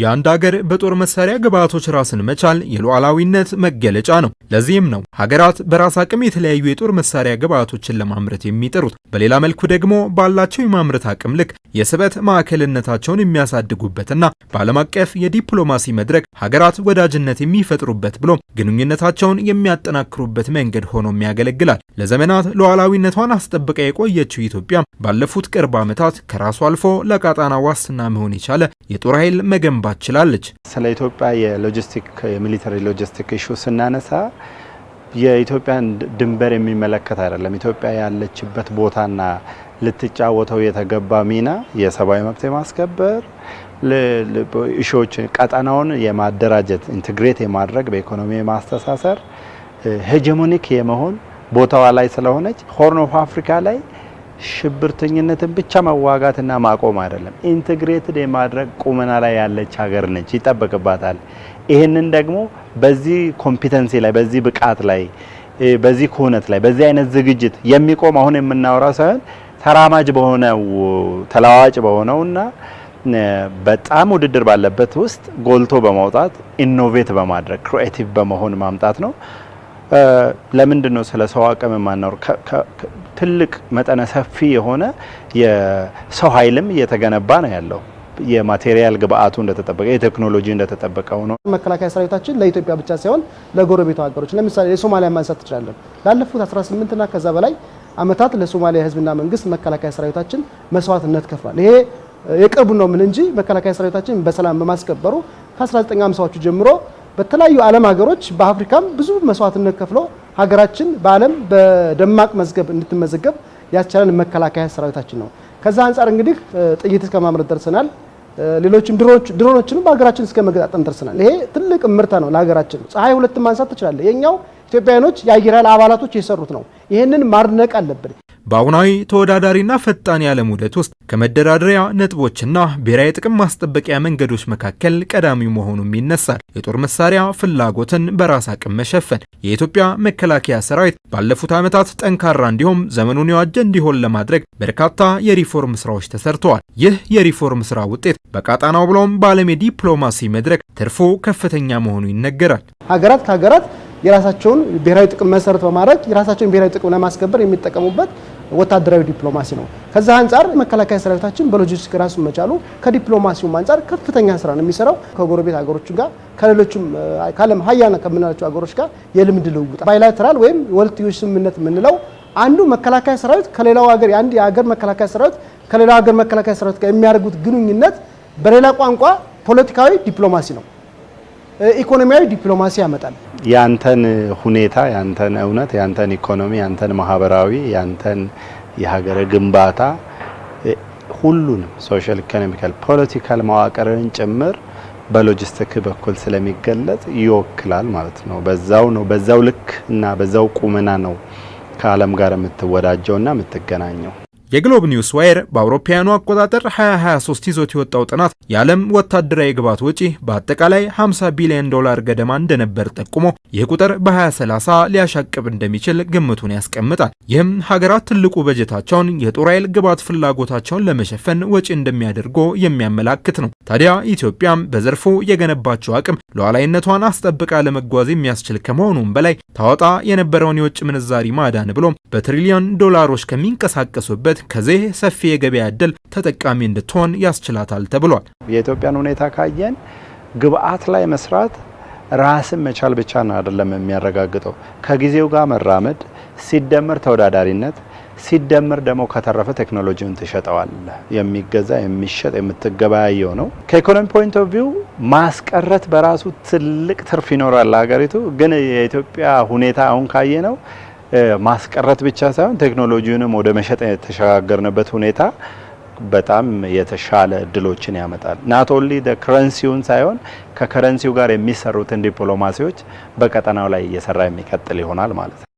የአንድ ሀገር በጦር መሳሪያ ግብዓቶች ራስን መቻል የሉዓላዊነት መገለጫ ነው። ለዚህም ነው ሀገራት በራስ አቅም የተለያዩ የጦር መሳሪያ ግብዓቶችን ለማምረት የሚጥሩት። በሌላ መልኩ ደግሞ ባላቸው የማምረት አቅም ልክ የስበት ማዕከልነታቸውን የሚያሳድጉበትና በዓለም አቀፍ የዲፕሎማሲ መድረክ ሀገራት ወዳጅነት የሚፈጥሩበት ብሎ ግንኙነታቸውን የሚያጠናክሩበት መንገድ ሆኖም ያገለግላል። ለዘመናት ሉዓላዊነቷን አስጠብቃ የቆየችው ኢትዮጵያ ባለፉት ቅርብ ዓመታት ከራሱ አልፎ ለቀጣና ዋስትና መሆን የቻለ የጦር ኃይል መገንባት ችላለች። ስለ ኢትዮጵያ የሎጂስቲክ የሚሊተሪ ሎጂስቲክ ኢሹ ስናነሳ የኢትዮጵያን ድንበር የሚመለከት አይደለም። ኢትዮጵያ ያለችበት ቦታና ልትጫወተው የተገባ ሚና የሰብአዊ መብት የማስከበር እሾዎችን ቀጠናውን የማደራጀት ኢንትግሬት የማድረግ በኢኮኖሚ የማስተሳሰር ሄጀሞኒክ የመሆን ቦታዋ ላይ ስለሆነች ሆርን ኦፍ አፍሪካ ላይ ሽብርተኝነትን ብቻ መዋጋትና ማቆም አይደለም፣ ኢንትግሬትድ የማድረግ ቁመና ላይ ያለች ሀገር ነች፣ ይጠበቅባታል። ይህንን ደግሞ በዚህ ኮምፒተንሲ ላይ በዚህ ብቃት ላይ በዚህ ክሁነት ላይ በዚህ አይነት ዝግጅት የሚቆም አሁን የምናወራው ሳይሆን ተራማጅ በሆነው ተለዋዋጭ በሆነውና በጣም ውድድር ባለበት ውስጥ ጎልቶ በመውጣት ኢኖቬት በማድረግ ክሪኤቲቭ በመሆን ማምጣት ነው። ለምንድን ነው ስለ ሰው አቅም የማናወር? ትልቅ መጠነ ሰፊ የሆነ የሰው ኃይልም እየተገነባ ነው ያለው። የማቴሪያል ግብአቱ እንደተጠበቀ የቴክኖሎጂ እንደተጠበቀው ነው። መከላከያ ሰራዊታችን ለኢትዮጵያ ብቻ ሳይሆን ለጎረቤቱ ሀገሮች ለምሳሌ የሶማሊያ ማንሳት ትችላለን። ላለፉት 18ና ከዛ በላይ ዓመታት ለሶማሊያ ህዝብና መንግስት መከላከያ ሰራዊታችን መስዋዕትነት ከፍሏል። ይሄ የቅርቡ ነው ምን እንጂ መከላከያ ሰራዊታችን በሰላም በማስከበሩ ከ1950ዎቹ ጀምሮ በተለያዩ ዓለም ሀገሮች በአፍሪካም ብዙ መስዋዕትነት ከፍሎ ሀገራችን በዓለም በደማቅ መዝገብ እንድትመዘገብ ያስቻለን መከላከያ ሰራዊታችን ነው። ከዛ አንጻር እንግዲህ ጥይት እስከ ማምረት ደርሰናል። ሌሎችም ድሮኖችንም በሀገራችን እስከ መገጣጠም ደርሰናል። ይሄ ትልቅ ምርታ ነው ለሀገራችን። ፀሐይ ሁለትም ማንሳት ትችላለህ የኛው ኢትዮጵያውያኖች የአየር አባላቶች የሰሩት ነው። ይህንን ማድነቅ አለብን። በአሁናዊ ተወዳዳሪና ፈጣን የዓለም ውደት ውስጥ ከመደራደሪያ ነጥቦችና ብሔራዊ ጥቅም ማስጠበቂያ መንገዶች መካከል ቀዳሚ መሆኑም ይነሳል። የጦር መሳሪያ ፍላጎትን በራስ አቅም መሸፈን የኢትዮጵያ መከላከያ ሰራዊት ባለፉት ዓመታት ጠንካራ እንዲሁም ዘመኑን የዋጀ እንዲሆን ለማድረግ በርካታ የሪፎርም ስራዎች ተሰርተዋል። ይህ የሪፎርም ስራ ውጤት በቀጣናው ብሎም በዓለም የዲፕሎማሲ መድረክ ትርፉ ከፍተኛ መሆኑ ይነገራል። ሀገራት ከሀገራት የራሳቸውን ብሔራዊ ጥቅም መሰረት በማድረግ የራሳቸውን ብሔራዊ ጥቅም ለማስከበር የሚጠቀሙበት ወታደራዊ ዲፕሎማሲ ነው። ከዛ አንጻር መከላከያ ሰራዊታችን በሎጂስቲክ ራሱ መቻሉ ከዲፕሎማሲውም አንጻር ከፍተኛ ስራ ነው የሚሰራው። ከጎረቤት ሀገሮች ጋር ከሌሎችም ከዓለም ሀያና ከምንላቸው ሀገሮች ጋር የልምድ ልውውጥ ባይላተራል ወይም የሁለትዮሽ ስምምነት የምንለው አንዱ መከላከያ ሰራዊት ከሌላው ሀገር የአንድ የሀገር መከላከያ ሰራዊት ከሌላው ሀገር መከላከያ ሰራዊት ጋር የሚያደርጉት ግንኙነት በሌላ ቋንቋ ፖለቲካዊ ዲፕሎማሲ ነው። ኢኮኖሚያዊ ዲፕሎማሲ ያመጣል። ያንተን ሁኔታ ያንተን እውነት ያንተን ኢኮኖሚ ያንተን ማህበራዊ ያንተን የሀገረ ግንባታ ሁሉንም ሶሻል ኢኮኖሚካል ፖለቲካል መዋቅርን ጭምር በሎጂስቲክ በኩል ስለሚገለጽ ይወክላል ማለት ነው። በዛው ነው በዛው ልክ እና በዛው ቁመና ነው ከዓለም ጋር የምትወዳጀውና የምትገናኘው። የግሎብ ኒውስ ዋየር በአውሮፓውያኑ አቆጣጠር 2023 ይዞት የወጣው ጥናት የዓለም ወታደራዊ ግብዓት ወጪ በአጠቃላይ 50 ቢሊዮን ዶላር ገደማ እንደነበር ጠቁሞ ይህ ቁጥር በ2030 ሊያሻቅብ እንደሚችል ግምቱን ያስቀምጣል። ይህም ሀገራት ትልቁ በጀታቸውን የጦር ኃይል ግብዓት ፍላጎታቸውን ለመሸፈን ወጪ እንደሚያደርጎ የሚያመላክት ነው። ታዲያ ኢትዮጵያም በዘርፉ የገነባቸው አቅም ሉዓላዊነቷን አስጠብቃ ለመጓዝ የሚያስችል ከመሆኑም በላይ ታወጣ የነበረውን የውጭ ምንዛሪ ማዳን ብሎም በትሪሊዮን ዶላሮች ከሚንቀሳቀሱበት ከዚህ ሰፊ የገበያ እድል ተጠቃሚ እንድትሆን ያስችላታል ተብሏል። የኢትዮጵያን ሁኔታ ካየን ግብአት ላይ መስራት ራስን መቻል ብቻ ነው አይደለም የሚያረጋግጠው ከጊዜው ጋር መራመድ ሲደመር ተወዳዳሪነት ሲደመር ደግሞ ከተረፈ ቴክኖሎጂውን ትሸጠዋል። የሚገዛ የሚሸጥ የምትገበያየው ነው። ከኢኮኖሚ ፖይንት ኦፍ ቪው ማስቀረት በራሱ ትልቅ ትርፍ ይኖራል። ሀገሪቱ ግን የኢትዮጵያ ሁኔታ አሁን ካየ ነው ማስቀረት ብቻ ሳይሆን ቴክኖሎጂውንም ወደ መሸጥ የተሸጋገርንበት ሁኔታ በጣም የተሻለ እድሎችን ያመጣል። ናት ኦንሊ ከረንሲውን ሳይሆን ከከረንሲው ጋር የሚሰሩትን ዲፕሎማሲዎች በቀጠናው ላይ እየሰራ የሚቀጥል ይሆናል ማለት ነው።